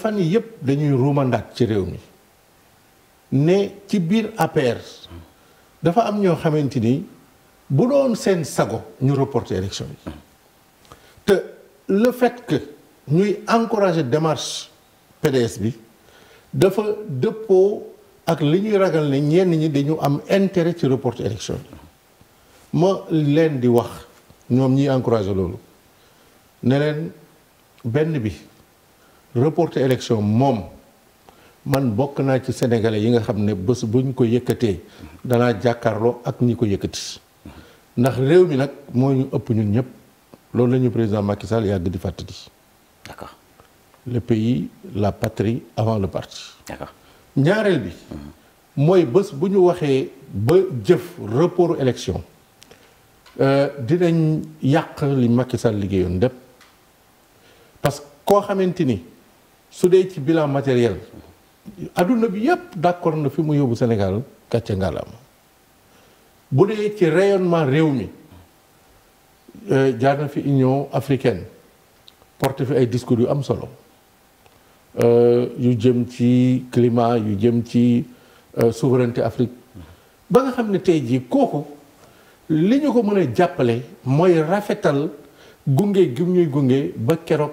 fani yep dañuy romandat ci réew mi ne ci bir APR dafa am ño xamanteni bu doon sen sago ñu reporter élection te le fait que ñuy encourager démarche PDS bi dafa dëppoo ak liñuy ragal ne ñenn ñi dañu am intérêt ci reporter élection mo ma di wax ñom ñi encourager lolu ne leen benn bi reporter élection mom, man bokk na ci sénégalais yi nga xamné bëss buñ ko yëkkatee danaa jakarlo ak ñi ko yëkëti ndax réew mi nak moo ñu ëpp ñun ñëpp loolu lañu président Macky Sall yàgg di fàttali. d'accord le pays la patrie avant le parti. d'accord ñaarël bi. moy bëss buñu waxé ba jëf report élection euh, dinañ yàq li Macky Sall liggéeyoon lépp parce que ko xamanteni su dee ci bilan matériel adduna bi yëpp d'accord na fi mu yóbbu Sénégal gàcce ngalaam bu dee ci rayonnement réew mi euh, jaar na fi Union africaine porte fi ay discours yu am solo euh, yu jëm ci climat yu jëm ci euh, souveraineté Afrique ba nga xam ne tey jii kooku li ñu ko mën jàppale mooy rafetal gunge gi ñuy gunge ba keroog.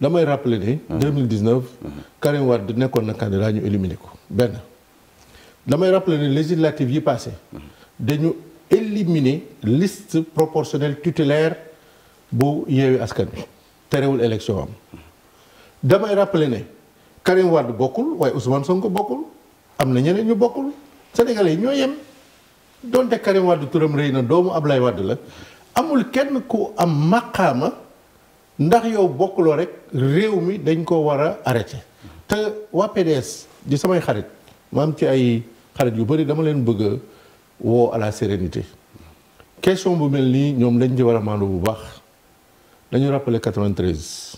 damay rappeler ne. 2019. Karim Wade nekkoon na candidat ñu éliminé ko benn. damay rappeler ne législative yi passé dañu éliminer liste proportionnelle tutélaire bu yeewi askan bi terewul élection am damay rappeler ne Karim Wade bokkul waaye Ousmane ko bokkul am na ñeneen ñu bokkul sénégalais yi ñoo yem donte Karim Wade turam rëy na doomu Ablaye Wade la amul kenn ku am maqaama. ndax yow bokkuloo rek réew mi dañ ko war a arrêté te waa PDS di samay xarit ma am ci ay xarit yu bëri dama leen bëgg a woo à la sérénité question bu mel nii ñoom dañ ci war a maandu bu baax nañu rappelé 93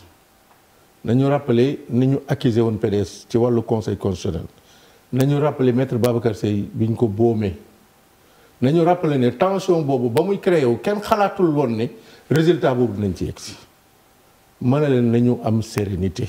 nañu rappelé ni ñu accusé woon PDS ci wàllu conseil constitutionnel nañu rappelé maître Babacar Seye bi ko boomee nañu rappelé ne tension boobu ba muy créé wu kenn xalaatul woon ne résultat boobu dinañ ci yegg si mën na leen nañu am sérénité